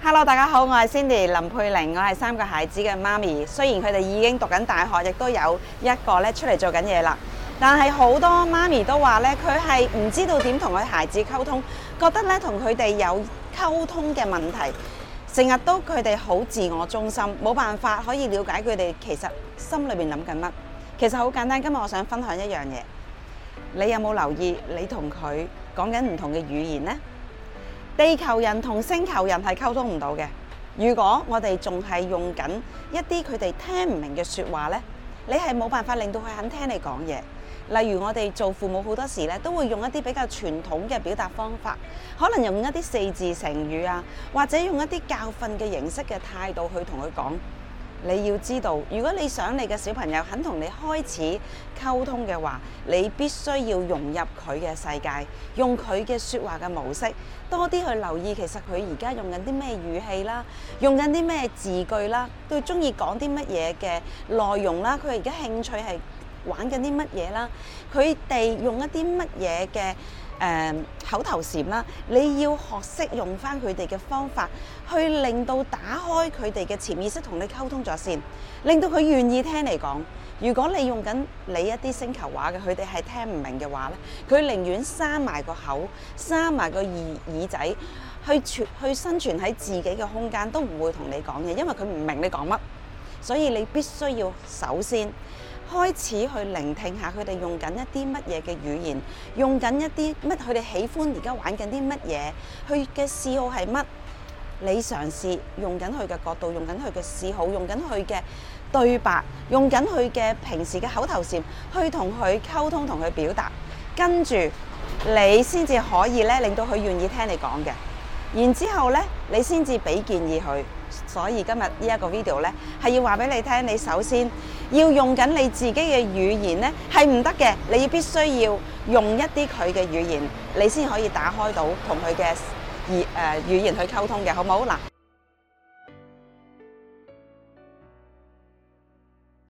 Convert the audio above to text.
Hello，大家好，我係 Cindy 林佩玲，我係三個孩子嘅媽咪。雖然佢哋已經讀緊大學，亦都有一個咧出嚟做緊嘢啦，但係好多媽咪都話咧，佢係唔知道點同佢孩子溝通，覺得咧同佢哋有溝通嘅問題，成日都佢哋好自我中心，冇辦法可以了解佢哋其實心裏邊諗緊乜。其實好簡單，今日我想分享一樣嘢，你有冇留意你同佢講緊唔同嘅語言呢？地球人同星球人係溝通唔到嘅。如果我哋仲係用緊一啲佢哋聽唔明嘅說話呢，你係冇辦法令到佢肯聽你講嘢。例如我哋做父母好多時呢，都會用一啲比較傳統嘅表達方法，可能用一啲四字成語啊，或者用一啲教訓嘅形式嘅態度去同佢講。你要知道，如果你想你嘅小朋友肯同你開始溝通嘅話，你必須要融入佢嘅世界，用佢嘅說話嘅模式，多啲去留意其實，佢而家用緊啲咩語氣啦，用緊啲咩字句啦，都中意講啲乜嘢嘅內容啦，佢而家興趣係玩緊啲乜嘢啦，佢哋用一啲乜嘢嘅。誒、uh, 口頭禪啦，你要學識用翻佢哋嘅方法，去令到打開佢哋嘅潛意識同你溝通咗先，令到佢願意聽你講。如果你用緊你一啲星球話嘅，佢哋係聽唔明嘅話咧，佢寧願閂埋個口，閂埋個耳耳仔，去存去生存喺自己嘅空間，都唔會同你講嘢，因為佢唔明你講乜。所以你必須要首先開始去聆聽下佢哋用緊一啲乜嘢嘅語言，用緊一啲乜，佢哋喜歡而家玩緊啲乜嘢，佢嘅嗜好係乜？你嘗試用緊佢嘅角度，用緊佢嘅嗜好，用緊佢嘅對白，用緊佢嘅平時嘅口頭禪去同佢溝通，同佢表達，跟住你先至可以咧，令到佢願意聽你講嘅。然之後咧，你先至俾建議佢。所以今日呢一個 video 咧，係要話俾你聽，你首先要用緊你自己嘅語言咧係唔得嘅，你要必須要用一啲佢嘅語言，你先可以打開到同佢嘅語誒語言去溝通嘅，好唔好？嗱。